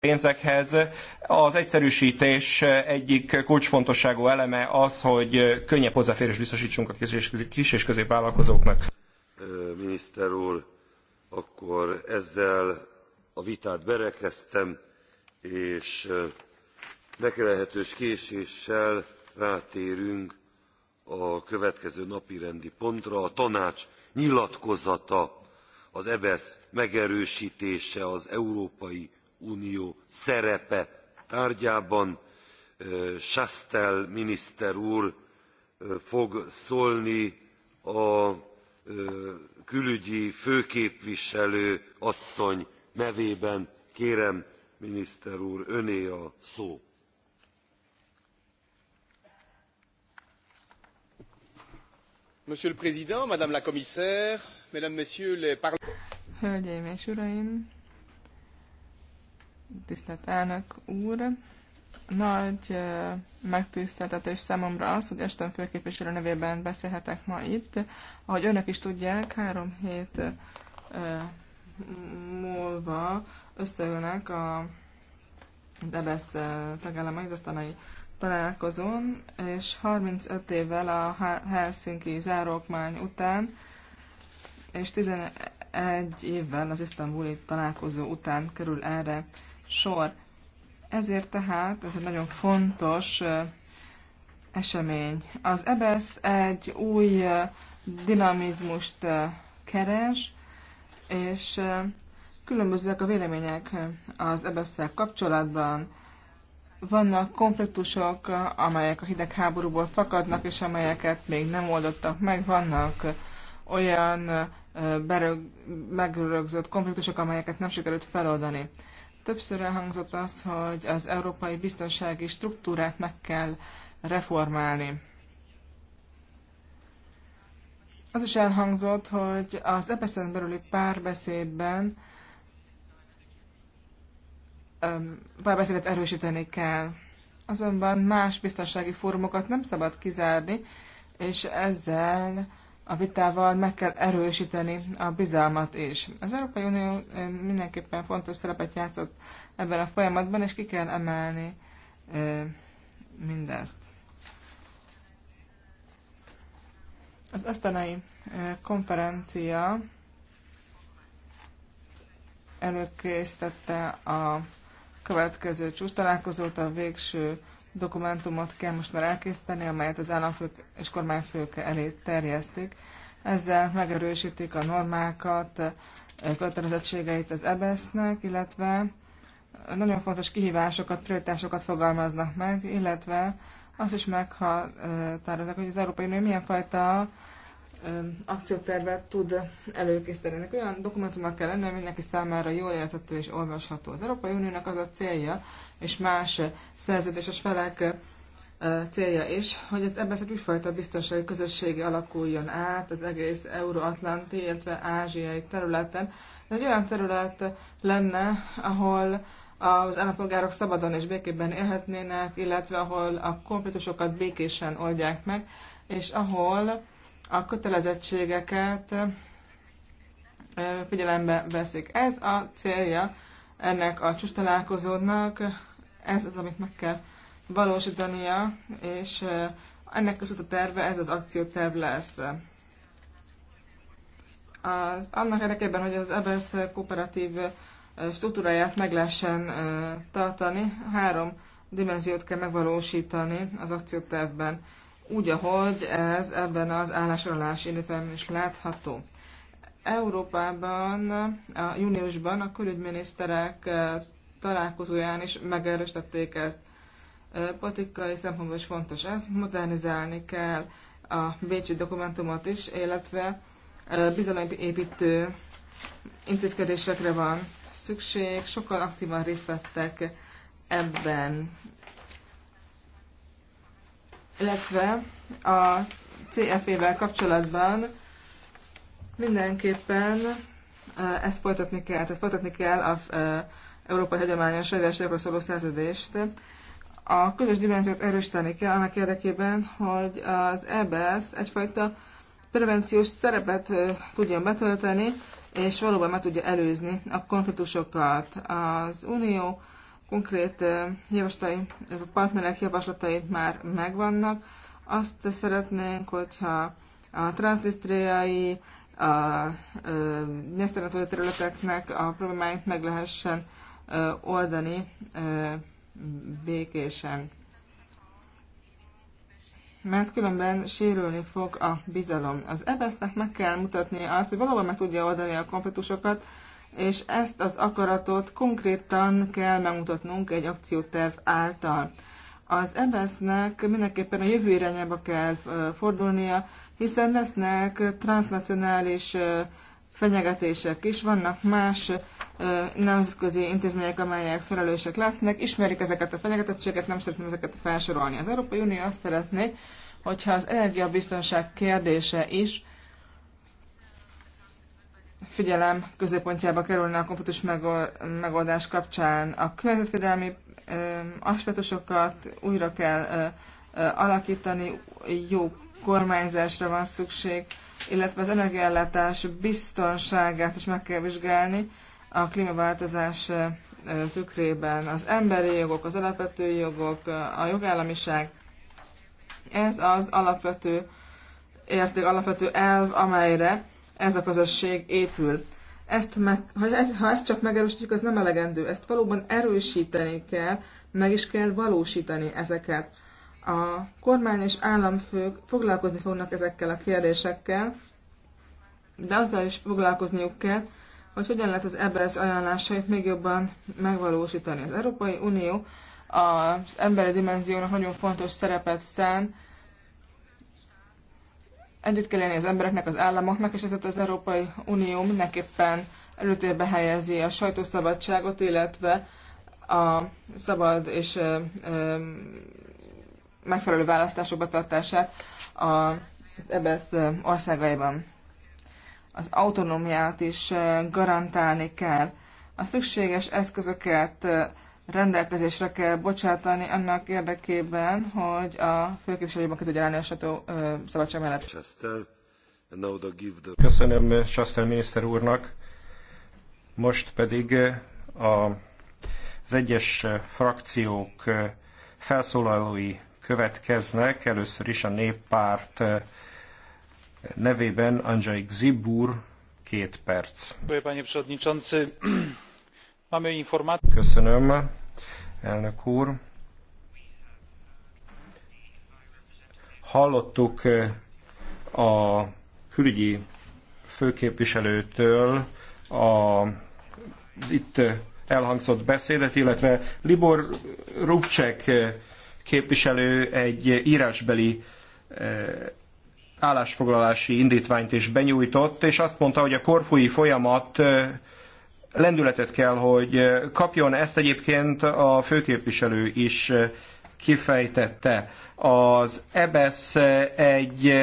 pénzekhez. Az egyszerűsítés egyik kulcsfontosságú eleme az, hogy könnyebb hozzáférés biztosítsunk a kis és középvállalkozóknak. Miniszter úr, akkor ezzel a vitát berekeztem, és meglehetős késéssel rátérünk a következő napirendi pontra, a tanács nyilatkozata, az EBSZ e megerősítése az európai unió szerepe tárgyában chastel miniszter úr fog szólni a külügyi főképviselő asszony nevében. kérem miniszter úr öné a szó. monsieur le président madame la commissaire mesdames messieurs les parlementaires tisztelt elnök úr! Nagy megtiszteltetés számomra az, hogy Esten főképviselő nevében beszélhetek ma itt. Ahogy önök is tudják, három hét múlva összeülnek a, az EBSZ e tagállamai, az asztalai találkozón, és 35 évvel a Helsinki zárókmány után, és 11 évvel az isztambuli találkozó után kerül erre sor. Ezért tehát ez egy nagyon fontos esemény. Az EBSZ e egy új dinamizmust keres, és különbözőek a vélemények az ebesz kapcsolatban. Vannak konfliktusok, amelyek a hidegháborúból fakadnak, és amelyeket még nem oldottak meg. Vannak olyan berög, megrögzött konfliktusok, amelyeket nem sikerült feloldani. Többször elhangzott az, hogy az európai biztonsági struktúrát meg kell reformálni. Az is elhangzott, hogy az EPSZ-en belüli párbeszédben párbeszédet erősíteni kell. Azonban más biztonsági fórumokat nem szabad kizárni, és ezzel a vitával meg kell erősíteni a bizalmat is. Az Európai Unió mindenképpen fontos szerepet játszott ebben a folyamatban, és ki kell emelni mindezt. Az asztanai konferencia előkészítette a következő csúcs találkozót, a végső dokumentumot kell most már elkészíteni, amelyet az államfők és kormányfők elé terjesztik. Ezzel megerősítik a normákat, kötelezettségeit az EBSZ-nek, illetve nagyon fontos kihívásokat, prioritásokat fogalmaznak meg, illetve azt is meghatároznak, hogy az Európai Unió milyen fajta akciótervet tud előkészíteni. Ennek olyan dokumentumnak kell lennie, mindenki számára jól érthető és olvasható. Az Európai Uniónak az a célja, és más szerződéses felek célja is, hogy az ebben egy újfajta biztonsági közösségi alakuljon át az egész euróatlanti, illetve ázsiai területen. Ez egy olyan terület lenne, ahol az állampolgárok szabadon és békében élhetnének, illetve ahol a konfliktusokat békésen oldják meg, és ahol a kötelezettségeket figyelembe veszik. Ez a célja ennek a csúcs találkozónak, ez az, amit meg kell valósítania, és ennek között a terve, ez az akcióterv lesz. Az, annak érdekében, hogy az EBSZ kooperatív struktúráját meg lehessen tartani, három dimenziót kell megvalósítani az akciótervben úgy, ahogy ez ebben az állásolási indítványban is látható. Európában a júniusban a külügyminiszterek e, találkozóján is megerősítették ezt. E, politikai szempontból is fontos ez, modernizálni kell a Bécsi dokumentumot is, illetve e, bizalomépítő intézkedésekre van szükség, sokkal aktívan részt vettek ebben illetve a CFE-vel kapcsolatban mindenképpen ezt folytatni kell, tehát folytatni kell az Európai Hagyományos Fegyverségekről szóló szerződést. A közös dimenziót erősíteni kell annak érdekében, hogy az EBS e egyfajta prevenciós szerepet tudjon betölteni, és valóban meg tudja előzni a konfliktusokat. Az Unió konkrét javaslatai, a partnerek javaslatai már megvannak. Azt szeretnénk, hogyha a transzisztriai, a, a területeknek a problémáit meg lehessen oldani békésen. Mert különben sérülni fog a bizalom. Az ebesznek meg kell mutatni azt, hogy valóban meg tudja oldani a konfliktusokat, és ezt az akaratot konkrétan kell megmutatnunk egy akcióterv által. Az EBSZ-nek mindenképpen a jövő irányába kell fordulnia, hiszen lesznek transnacionális fenyegetések is, vannak más nemzetközi intézmények, amelyek felelősek lehetnek, ismerik ezeket a fenyegetettséget, nem szeretném ezeket felsorolni. Az Európai Unió azt szeretné, hogyha az energiabiztonság kérdése is figyelem középpontjába kerülne a konfliktus megoldás kapcsán. A környezetvédelmi aspektusokat újra kell alakítani, jó kormányzásra van szükség, illetve az energiállátás biztonságát is meg kell vizsgálni a klímaváltozás tükrében. Az emberi jogok, az alapvető jogok, a jogállamiság, ez az alapvető érték, alapvető elv, amelyre ez a közösség épül. Ezt meg, ha ezt csak megerősítjük, az nem elegendő. Ezt valóban erősíteni kell, meg is kell valósítani ezeket. A kormány és államfők foglalkozni fognak ezekkel a kérdésekkel, de azzal is foglalkozniuk kell, hogy hogyan lehet az EBS ajánlásait még jobban megvalósítani. Az Európai Unió az emberi dimenziónak nagyon fontos szerepet szán, Együtt kell élni az embereknek, az államoknak, és ezért az Európai Unió mindenképpen előtérbe helyezi a sajtószabadságot, illetve a szabad és ö, ö, megfelelő választások betartását az EBSZ e országaiban. Az autonómiát is garantálni kell. A szükséges eszközöket rendelkezésre kell bocsátani annak érdekében, hogy a főképviselőjében ki tudja állni a sató szabadság mellett. Köszönöm Chester miniszter úrnak. Most pedig a, az egyes frakciók felszólalói következnek. Először is a néppárt nevében Andrzej Zibur két perc. Köszönöm, panie przewodniczący. Köszönöm, elnök úr. Hallottuk eh, a külügyi főképviselőtől a itt eh, elhangzott beszédet, illetve Libor Rubcsek eh, képviselő egy írásbeli állásfoglalási indítványt is benyújtott, és azt mondta, hogy a korfúi folyamat lendületet kell, hogy kapjon. Ezt egyébként a főképviselő is kifejtette. Az EBESZ egy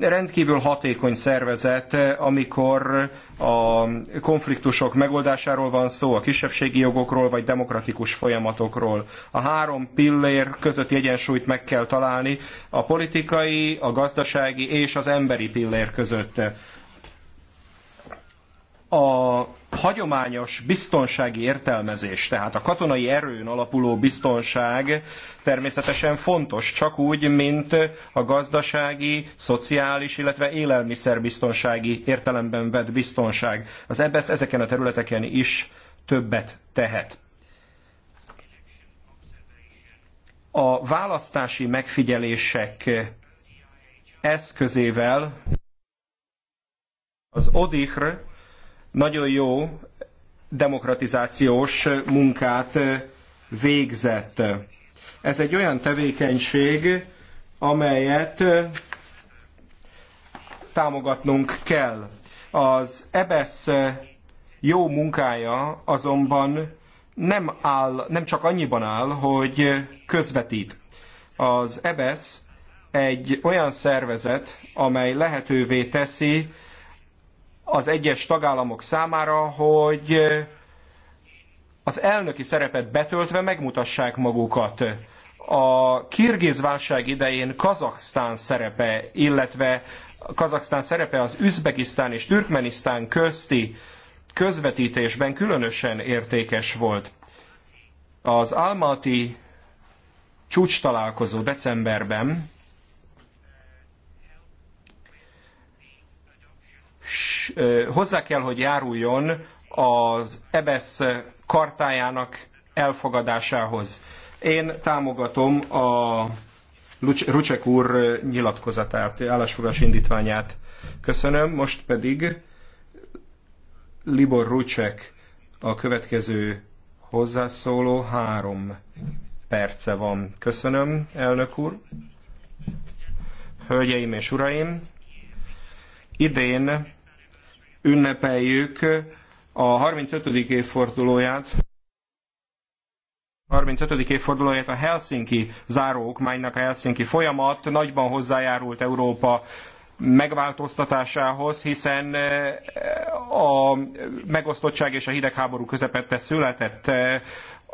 rendkívül hatékony szervezet, amikor a konfliktusok megoldásáról van szó, a kisebbségi jogokról vagy demokratikus folyamatokról. A három pillér közötti egyensúlyt meg kell találni, a politikai, a gazdasági és az emberi pillér között. A hagyományos biztonsági értelmezés, tehát a katonai erőn alapuló biztonság természetesen fontos, csak úgy, mint a gazdasági, szociális, illetve élelmiszerbiztonsági értelemben vett biztonság. Az EBSZ e ezeken a területeken is többet tehet. A választási megfigyelések eszközével az ODIHR nagyon jó demokratizációs munkát végzett. Ez egy olyan tevékenység, amelyet támogatnunk kell. Az EBESZ jó munkája azonban nem, áll, nem csak annyiban áll, hogy közvetít. Az EBESZ egy olyan szervezet, amely lehetővé teszi, az egyes tagállamok számára, hogy az elnöki szerepet betöltve megmutassák magukat. A kirgiz válság idején Kazaksztán szerepe, illetve Kazaksztán szerepe az Üzbegisztán és Türkmenisztán közti közvetítésben különösen értékes volt. Az Almaty csúcstalálkozó decemberben hozzá kell, hogy járuljon az EBESZ kartájának elfogadásához. Én támogatom a Rucsek úr nyilatkozatát, állásfoglalás indítványát. Köszönöm, most pedig Libor Rucsek a következő hozzászóló három perce van. Köszönöm, elnök úr. Hölgyeim és uraim, idén ünnepeljük a 35. évfordulóját 35. évfordulóját a Helsinki záróokmánynak a Helsinki folyamat nagyban hozzájárult Európa megváltoztatásához, hiszen eh, a megosztottság és a hidegháború közepette született eh,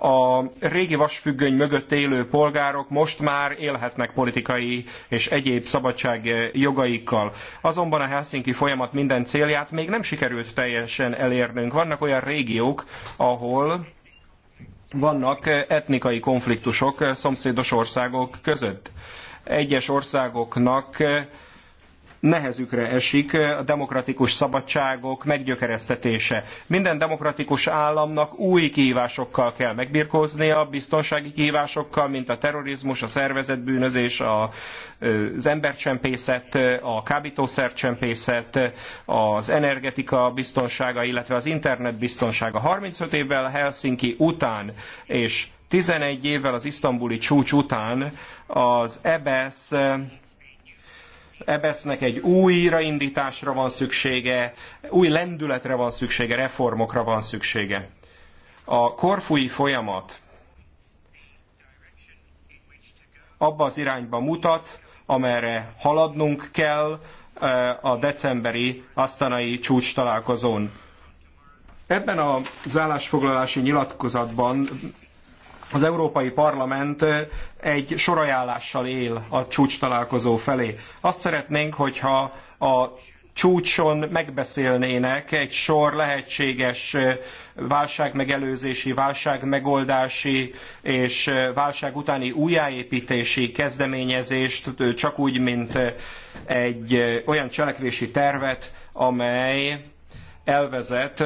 a régi vasfüggöny mögött élő polgárok most már élhetnek politikai és egyéb szabadság jogaikkal. Azonban a Helsinki folyamat minden célját még nem sikerült teljesen elérnünk. Vannak olyan régiók, ahol vannak etnikai konfliktusok szomszédos országok között. Egyes országoknak nehezükre esik a demokratikus szabadságok meggyökeresztetése. Minden demokratikus államnak új kihívásokkal kell megbirkóznia, biztonsági kihívásokkal mint a terrorizmus, a szervezetbűnözés, a, az embercsempészet, a kábítószercsempészet, az energetika biztonsága, illetve az internet biztonsága. 35 évvel Helsinki után és 11 évvel az isztambuli csúcs után az EBS e Ebesznek egy újraindításra van szüksége, új lendületre van szüksége, reformokra van szüksége. A korfúi folyamat abba az irányba mutat, amerre haladnunk kell eh, a decemberi asztanai csúcs találkozón. Ebben az állásfoglalási nyilatkozatban az Európai Parlament egy sorajállással él a csúcs találkozó felé. Azt szeretnénk, hogyha a csúcson megbeszélnének egy sor lehetséges válságmegelőzési, válságmegoldási és válság utáni újjáépítési kezdeményezést, csak úgy, mint egy olyan cselekvési tervet, amely elvezet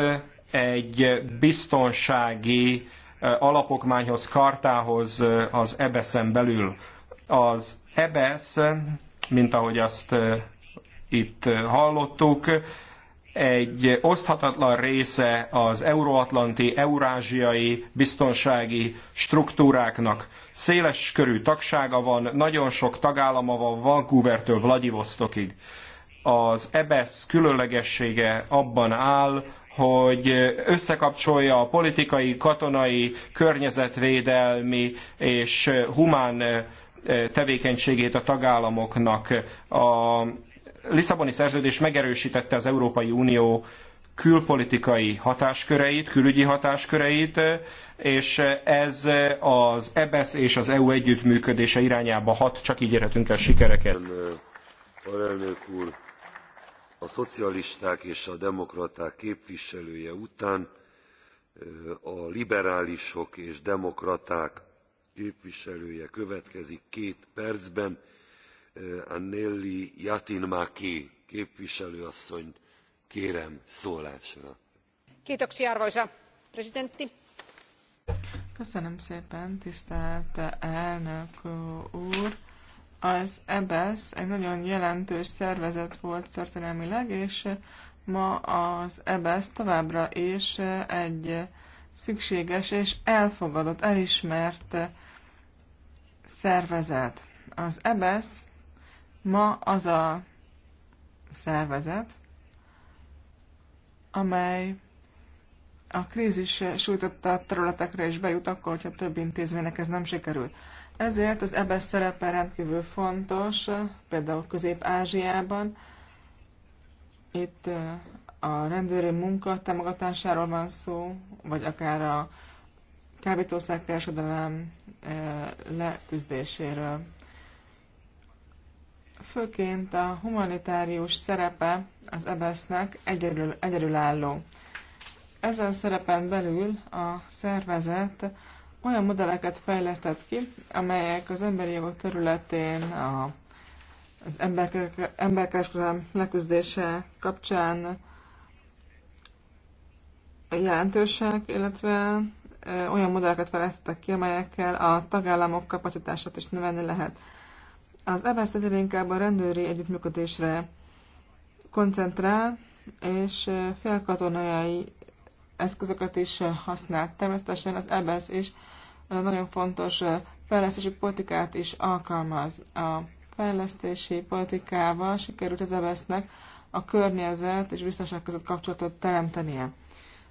egy biztonsági Eh, alapokmányhoz, kartához eh, az EBESZ-en belül. Az EBESZ, mint ahogy azt eh, itt hallottuk, egy oszthatatlan része az euróatlanti, eurázsiai biztonsági struktúráknak. Széles körű tagsága van, nagyon sok tagállama van Vancouvertől Vladivostokig. Az EBESZ különlegessége abban áll, hogy összekapcsolja a politikai, katonai, környezetvédelmi és humán eh, tevékenységét a tagállamoknak. A Lisszaboni szerződés megerősítette az Európai Unió külpolitikai hatásköreit, külügyi hatásköreit, és ez az EBESZ és az EU együttműködése irányába hat, csak így érhetünk el sikereket a szocialisták és a demokraták képviselője után a liberálisok és demokraták képviselője következik két percben anneli jtteenmäki képviselő asszonyt kérem szólásra. arvoisa puhemies köszönöm szépen tisztelt elnök úr! Az EBSZ e egy nagyon jelentős szervezet volt történelmileg, és ma az EBSZ e továbbra is egy szükséges és elfogadott, elismert szervezet. Az EBSZ e ma az a szervezet, amely a krízis sújtotta területekre is bejut, akkor, hogyha több intézménynek ez nem sikerült. Ezért az ebesz szerepe rendkívül fontos, például Közép-Ázsiában. Itt a rendőri munka támogatásáról van szó, vagy akár a kereskedelem leküzdéséről. Főként a humanitárius szerepe az ebsz e nek egyedül, egyedülálló. Ezen szerepen belül a szervezet olyan modelleket fejlesztett ki, amelyek az emberi jogok területén a, az emberkereskedelem leküzdése kapcsán jelentősek, illetve olyan modelleket fejlesztettek ki, amelyekkel a tagállamok kapacitását is növelni lehet. Az EBSZ egyre inkább a rendőri együttműködésre koncentrál, és félkatonai eszközöket is használt, Természetesen az EBSZ is nagyon fontos fejlesztési politikát is alkalmaz. A fejlesztési politikával sikerült az EBSZ-nek a környezet és biztonság között kapcsolatot teremtenie.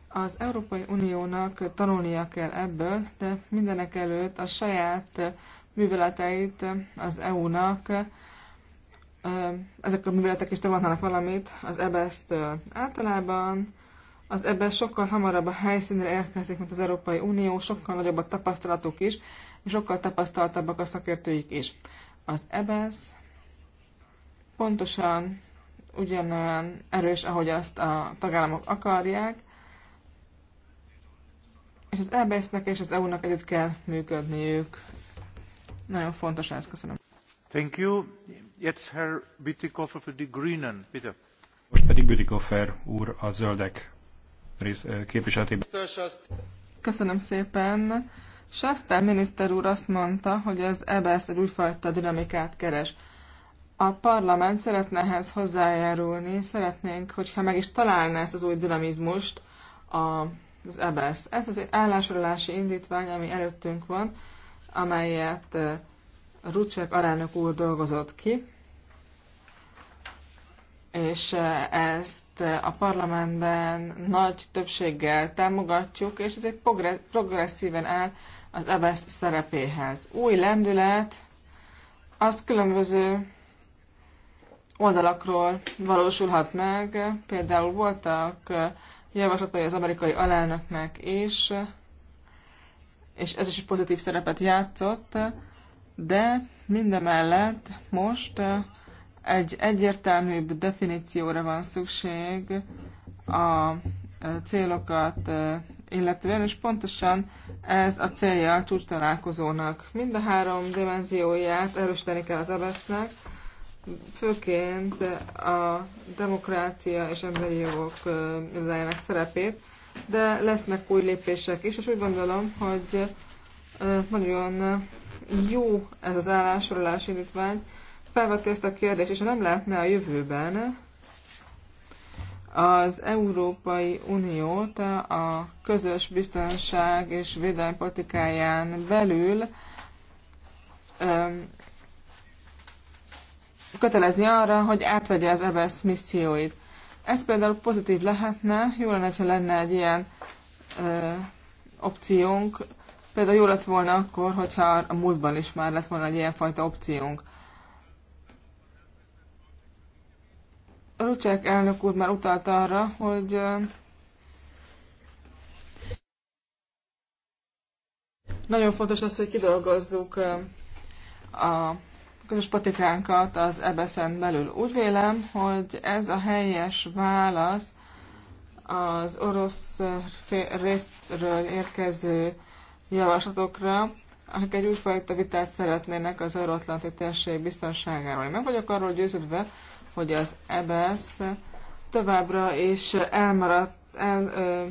Az Európai Uniónak tanulnia kell ebből, de mindenek előtt a saját műveleteit az EU-nak, ezek a műveletek is tanulhatnak valamit az EBSZ-től. Általában az ebben sokkal hamarabb a helyszínre érkezik, mint az Európai Unió, sokkal nagyobb a tapasztalatuk is, és sokkal tapasztaltabbak a szakértőik is. Az EBS e pontosan ugyanolyan erős, ahogy azt a tagállamok akarják, és az EBS-nek e és az EU-nak együtt kell működniük. Nagyon fontos ez, köszönöm. Thank you. It's Herr Bütikofer for the Greenen. Peter. Most pedig Bütikofer úr a zöldek rész képviseletében. Köszönöm szépen. Sasztán miniszter úr azt mondta, hogy az EBSZ egy újfajta dinamikát keres. A parlament szeretne ehhez hozzájárulni, szeretnénk, hogyha meg is találná ezt az új dinamizmust az EBSZ. Ez az egy állásfoglalási indítvány, ami előttünk van, amelyet Rucsek alelnök úr dolgozott ki, és ezt ezt a parlamentben nagy többséggel támogatjuk, és ez egy progresszíven áll az EBSZ szerepéhez. Új lendület, az különböző oldalakról valósulhat meg. Például voltak javaslatai az amerikai alelnöknek is, és ez is egy pozitív szerepet játszott, de mindemellett most egy egyértelműbb definícióra van szükség a e, célokat e, illetően, és pontosan ez a célja a csúcs találkozónak. Mind a három dimenzióját erősíteni kell az ebesznek, főként a demokrácia és emberi jogok e, mindenének szerepét, de lesznek új lépések is, és úgy gondolom, hogy nagyon jó ez az állásolás indítvány, felveti ezt a kérdést, és ha nem lehetne a jövőben az Európai Uniót a közös biztonság és védelmi politikáján belül kötelezni arra, hogy átvegye az EBS misszióit. Ez például pozitív lehetne, jó lenne, ha lenne egy ilyen ö, opciónk. Például jó lett volna akkor, hogyha a múltban is már lett volna egy ilyenfajta opciónk. Rucsák elnök úr már utalta arra, hogy nagyon fontos az, hogy kidolgozzuk a közös patikánkat az ebeszen belül. Úgy vélem, hogy ez a helyes válasz az orosz részről érkező javaslatokra, akik egy újfajta vitát szeretnének az euróatlanti térség biztonságáról. Én meg vagyok arról győződve, hogy az EBS e továbbra is elmaradt, el, ö,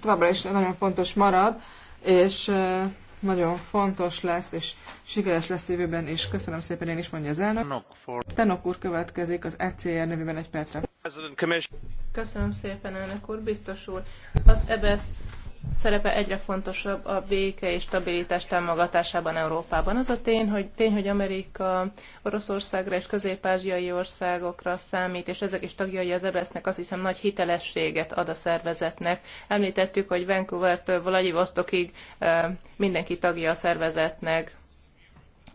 továbbra is nagyon fontos marad, és ö, nagyon fontos lesz, és sikeres lesz jövőben is. Köszönöm szépen, én is mondja az elnök. Tenok úr következik az ECR nevében egy percre. Köszönöm szépen, elnök úr, biztos úr. Az EBS e szerepe egyre fontosabb a béke és stabilitás támogatásában Európában. Az a tény, hogy, tény, hogy Amerika Oroszországra és közép-ázsiai országokra számít, és ezek is tagjai az EBSZ-nek azt hiszem nagy hitelességet ad a szervezetnek. Említettük, hogy Vancouver-től Vladivostokig mindenki tagja a szervezetnek,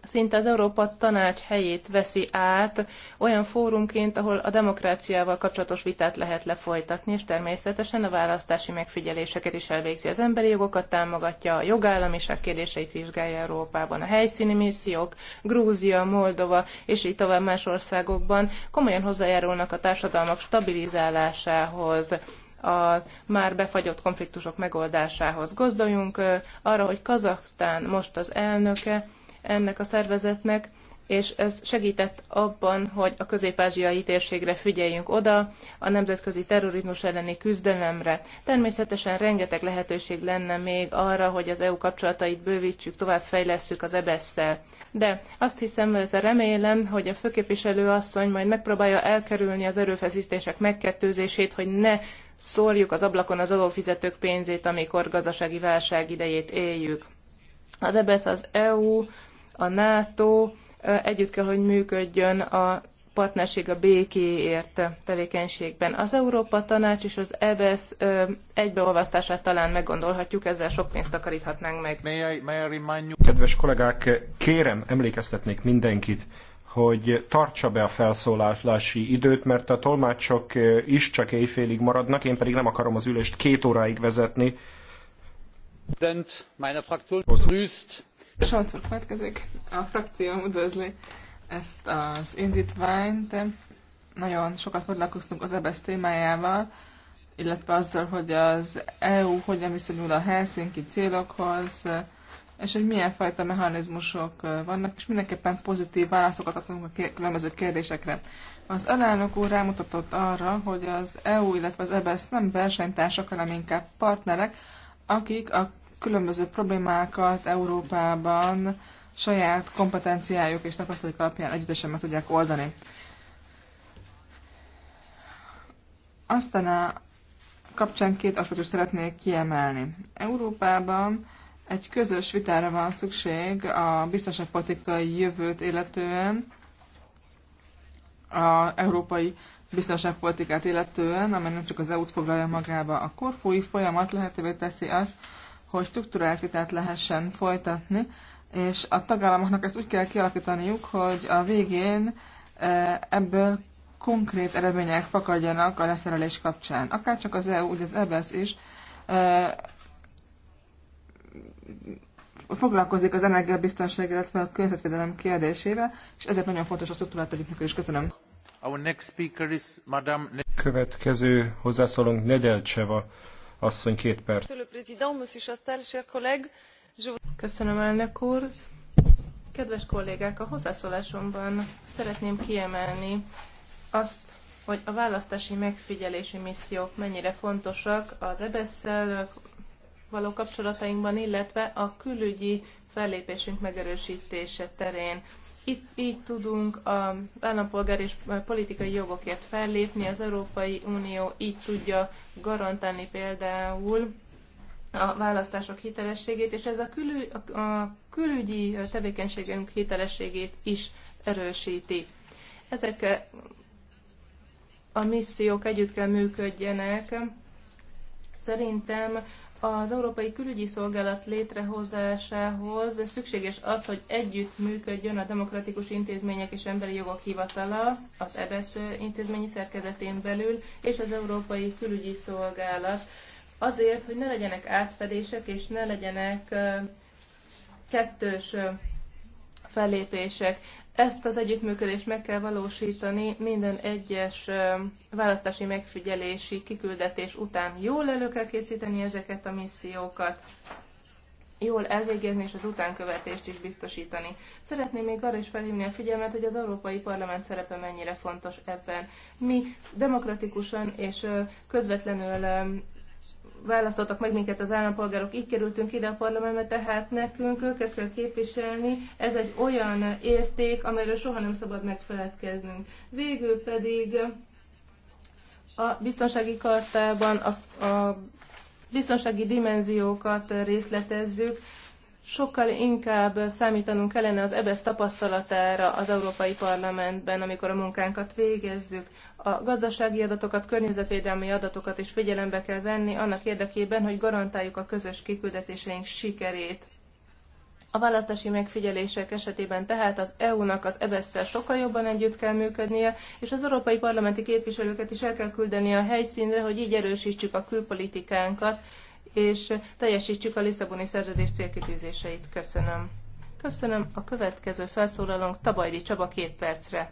szinte az Európa Tanács helyét veszi át olyan fórumként, ahol a demokráciával kapcsolatos vitát lehet lefolytatni, és természetesen a választási megfigyeléseket is elvégzi. Az emberi jogokat támogatja, a jogállamiság kérdéseit vizsgálja Európában, a helyszíni missziók, Grúzia, Moldova, és így tovább más országokban komolyan hozzájárulnak a társadalmak stabilizálásához, a már befagyott konfliktusok megoldásához. Gondoljunk arra, hogy Kazaksztán most az elnöke, ennek a szervezetnek, és ez segített abban, hogy a közép-ázsiai térségre figyeljünk oda, a nemzetközi terrorizmus elleni küzdelemre. Természetesen rengeteg lehetőség lenne még arra, hogy az EU kapcsolatait bővítsük, továbbfejlesszük az EBS-szel. E De azt hiszem, illetve remélem, hogy a főképviselő asszony majd megpróbálja elkerülni az erőfeszítések megkettőzését, hogy ne szórjuk az ablakon az adófizetők pénzét, amikor gazdasági válság idejét éljük. Az EBSZ e az EU, a NATO együtt kell, hogy működjön a partnerség a békéért tevékenységben. Az Európa Tanács és az EBS e egybeolvasztását talán meggondolhatjuk, ezzel sok pénzt takaríthatnánk meg. May I, may I Kedves kollégák, kérem, emlékeztetnék mindenkit, hogy tartsa be a felszólalási időt, mert a tolmácsok is csak éjfélig maradnak, én pedig nem akarom az ülést két óráig vezetni. Meine Fraktion Solcor következik. A frakció üdvözli ezt az indítványt. Nagyon sokat foglalkoztunk az EBSZ e témájával, illetve azzal, hogy az EU hogyan viszonyul a Helsinki célokhoz, és hogy milyen fajta mechanizmusok vannak, és mindenképpen pozitív válaszokat adunk a különböző kérdésekre. Az alelnök úr rámutatott arra, hogy az EU, illetve az EBSZ e nem versenytársak, hanem inkább partnerek, akik a különböző problémákat Európában saját kompetenciájuk és tapasztalatok alapján együttesen meg tudják oldani. Aztán a kapcsán két aspektust szeretnék kiemelni. Európában egy közös vitára van szükség a biztonságpolitikai jövőt illetően, a európai biztonságpolitikát illetően, amely nem csak az EU-t foglalja magába. A korfúi folyamat lehetővé teszi azt, hogy struktúrált vitát lehessen folytatni, és a tagállamoknak ezt úgy kell kialakítaniuk, hogy a végén e, ebből konkrét eredmények fakadjanak a leszerelés kapcsán. Akár csak az EU, úgy az EBS e is e, foglalkozik az energiabiztonság, illetve a környezetvédelem kérdésével, és ezért nagyon fontos a struktúrát is, Köszönöm. Our next speaker is Madame... Következő hozzászólunk Nedelcseva asszony két perc. Köszönöm, elnök úr. Kedves kollégák, a hozzászólásomban szeretném kiemelni azt, hogy a választási megfigyelési missziók mennyire fontosak az EBSZ-szel e való kapcsolatainkban, illetve a külügyi fellépésünk megerősítése terén. Itt, így tudunk az állampolgár és politikai jogokért fellépni, az Európai Unió így tudja garantálni például a választások hitelességét, és ez a, külü, a, külügyi tevékenységünk hitelességét is erősíti. Ezek a missziók együtt kell működjenek. Szerintem az Európai Külügyi Szolgálat létrehozásához szükséges az, hogy együtt működjön a Demokratikus Intézmények és Emberi Jogok Hivatala az EBSZ e intézményi szerkezetén belül, és az Európai Külügyi Szolgálat azért, hogy ne legyenek átfedések, és ne legyenek kettős fellépések. Ezt az együttműködést meg kell valósítani minden egyes választási megfigyelési kiküldetés után. Jól elő kell készíteni ezeket a missziókat, jól elvégezni és az utánkövetést is biztosítani. Szeretném még arra is felhívni a figyelmet, hogy az Európai Parlament szerepe mennyire fontos ebben. Mi demokratikusan és közvetlenül választottak meg minket az állampolgárok, így kerültünk ide a parlamentbe, tehát nekünk őket kell képviselni. Ez egy olyan érték, amelyről soha nem szabad megfeledkeznünk. Végül pedig a biztonsági kartában a, a biztonsági dimenziókat részletezzük, sokkal inkább számítanunk kellene az EBSZ e tapasztalatára az Európai Parlamentben, amikor a munkánkat végezzük a gazdasági adatokat, környezetvédelmi adatokat is figyelembe kell venni annak érdekében, hogy garantáljuk a közös kiküldetéseink sikerét. A választási megfigyelések esetében tehát az EU-nak az EBSZ-szel e sokkal jobban együtt kell működnie, és az európai parlamenti képviselőket is el kell küldeni a helyszínre, hogy így erősítsük a külpolitikánkat, és teljesítsük a Lisszaboni szerződés célkitűzéseit. Köszönöm. Köszönöm. A következő felszólalónk Tabajdi Csaba két percre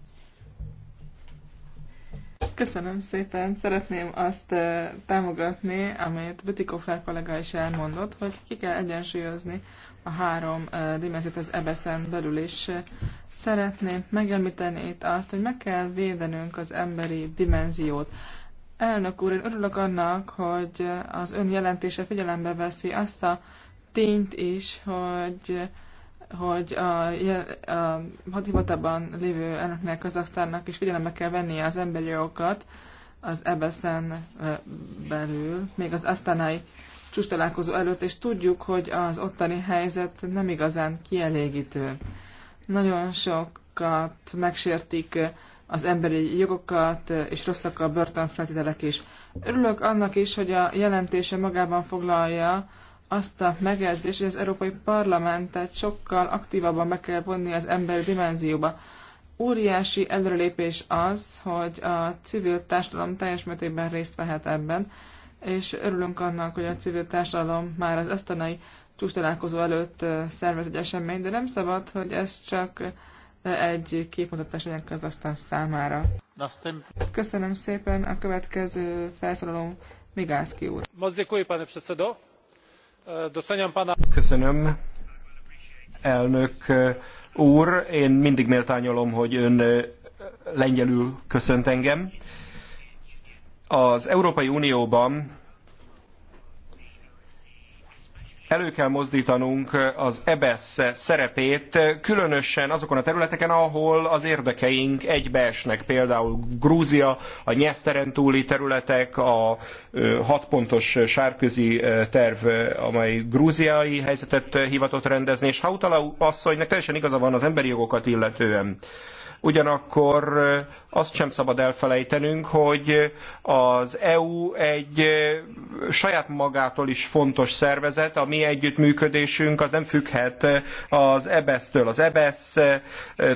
Köszönöm szépen. Szeretném azt eh, támogatni, amit Bütikofer kollega is elmondott, hogy ki kell egyensúlyozni a három eh, dimenziót az ebeszen belül is. Szeretném megemlíteni itt azt, hogy meg kell védenünk az emberi dimenziót. Elnök úr, én örülök annak, hogy az ön jelentése figyelembe veszi azt a tényt is, hogy hogy a, a hadivatalban lévő elnöknek, Kazaksztánnak is figyelembe kell vennie az emberi jogokat az ebeszen belül, még az Asztánai csúcs találkozó előtt, és tudjuk, hogy az ottani helyzet nem igazán kielégítő. Nagyon sokat megsértik az emberi jogokat, és rosszak a börtönfeltételek is. Örülök annak is, hogy a jelentése magában foglalja azt a megjegyzést, hogy az Európai Parlamentet sokkal aktívabban be kell vonni az emberi dimenzióba. Óriási előrelépés az, hogy a civil társadalom teljes mértékben részt vehet ebben, és örülünk annak, hogy a civil társadalom már az asztanai csúsztalálkozó előtt szervez egy eseményt, de nem szabad, hogy ez csak egy képmutatás legyen az aztán számára. Köszönöm szépen a következő felszólalom, Migászki úr. Mazdekoly, pane Köszönöm, elnök uh, úr. Én mindig méltányolom, hogy ön uh, lengyelül köszönt engem. Az Európai Unióban elő kell mozdítanunk az EBSZ e szerepét, különösen azokon a területeken, ahol az érdekeink egybeesnek, például Grúzia, a Nyeszteren túli területek, a hatpontos sárközi terv, amely grúziai helyzetet hivatott rendezni, és Hautala asszonynak teljesen igaza van az emberi jogokat illetően ugyanakkor azt sem szabad elfelejtenünk, hogy az EU egy saját magától is fontos szervezet, a mi együttműködésünk az nem függhet az EBS-től. E az EBS e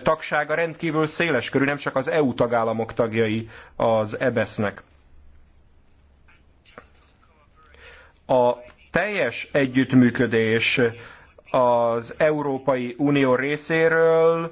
tagsága rendkívül széles körű, nem csak az EU tagállamok tagjai az EBS-nek. E a teljes együttműködés az Európai Unió részéről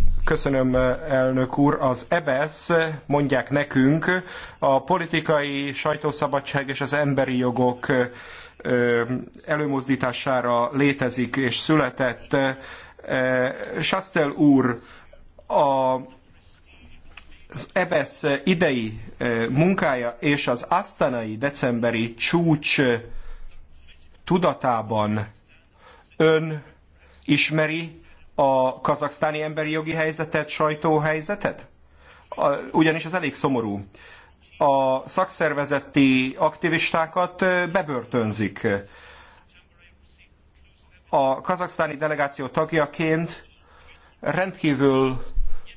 Köszönöm, elnök úr. Az EBS, e mondják nekünk, a politikai sajtószabadság és az emberi jogok előmozdítására létezik és született. Sastel úr, a az EBSZ e idei munkája és az asztanai decemberi csúcs tudatában ön ismeri a kazaksztáni emberi jogi helyzetet, sajtóhelyzetet? ugyanis ez elég szomorú. A szakszervezeti aktivistákat bebörtönzik. A kazaksztáni delegáció tagjaként rendkívül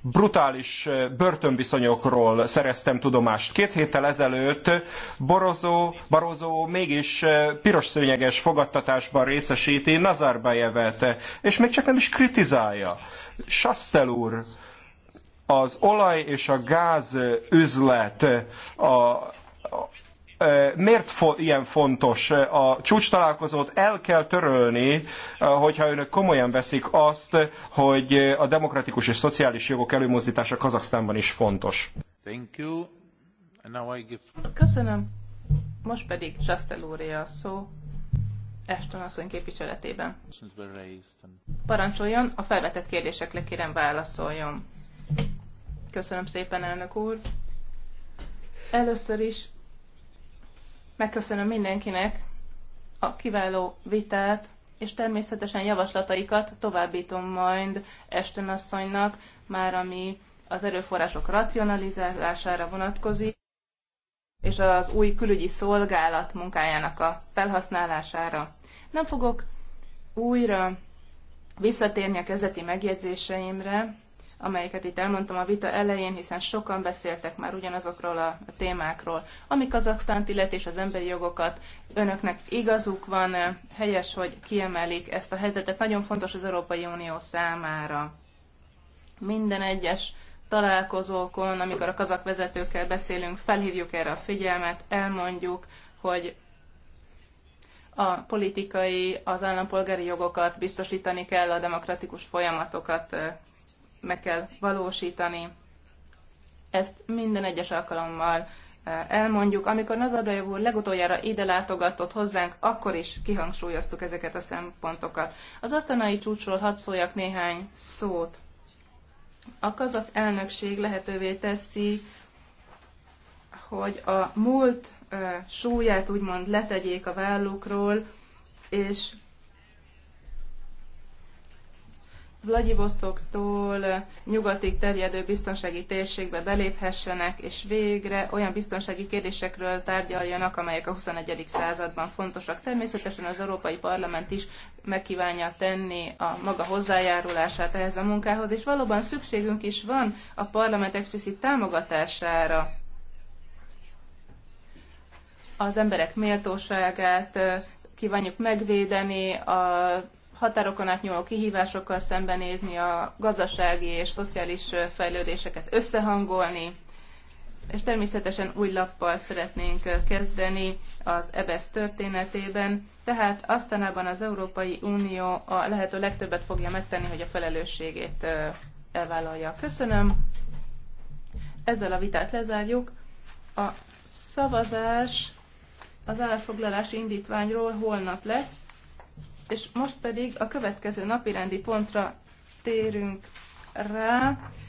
brutális eh, börtönviszonyokról szereztem tudomást. Két héttel ezelőtt Borozó, Barozó mégis eh, piros szőnyeges fogadtatásban részesíti Nazarbayevet, eh, és még csak nem is kritizálja. Sastel úr, az olaj és a gáz üzlet a, miért fo- ilyen fontos a csúcs találkozót el kell törölni, hogyha önök komolyan veszik azt, hogy a demokratikus és szociális jogok előmozdítása Kazaksztánban is fontos. Thank you. Give... Köszönöm. Most pedig Zsasztel úré a szó Ashton asszony képviseletében. Parancsoljon, a felvetett kérdésekre kérem válaszoljon. Köszönöm szépen, elnök úr. Először is Megköszönöm mindenkinek a kiváló vitát, és természetesen javaslataikat továbbítom majd Estenasszonynak, már ami az erőforrások racionalizálására vonatkozik, és az új külügyi szolgálat munkájának a felhasználására. Nem fogok újra visszatérni a kezdeti megjegyzéseimre, amelyeket itt elmondtam a vita elején, hiszen sokan beszéltek már ugyanazokról a témákról. Ami Kazaksztánt illeti és az emberi jogokat, önöknek igazuk van, helyes, hogy kiemelik ezt a helyzetet, nagyon fontos az Európai Unió számára. Minden egyes találkozókon, amikor a kazak vezetőkkel beszélünk, felhívjuk erre a figyelmet, elmondjuk, hogy a politikai, az állampolgári jogokat biztosítani kell, a demokratikus folyamatokat meg kell valósítani. Ezt minden egyes alkalommal e, elmondjuk. Amikor Nazarbayev úr legutoljára ide látogatott hozzánk, akkor is kihangsúlyoztuk ezeket a szempontokat. Az asztanai csúcsról hadd szóljak néhány szót. A kazak elnökség lehetővé teszi, hogy a múlt e, súlyát úgymond letegyék a vállukról, és Vladivostoktól nyugatig terjedő biztonsági térségbe beléphessenek, és végre olyan biztonsági kérdésekről tárgyaljanak, amelyek a XXI. században fontosak. Természetesen az Európai Parlament is megkívánja tenni a maga hozzájárulását ehhez a munkához, és valóban szükségünk is van a parlament explicit támogatására az emberek méltóságát kívánjuk megvédeni, az határokon átnyúló kihívásokkal szembenézni, a gazdasági és szociális fejlődéseket összehangolni, és természetesen új lappal szeretnénk kezdeni az EBSZ e történetében, tehát aztánában az Európai Unió a lehető legtöbbet fogja megtenni, hogy a felelősségét elvállalja. Köszönöm. Ezzel a vitát lezárjuk. A szavazás az állásfoglalási indítványról holnap lesz és most pedig a következő napirendi pontra térünk rá.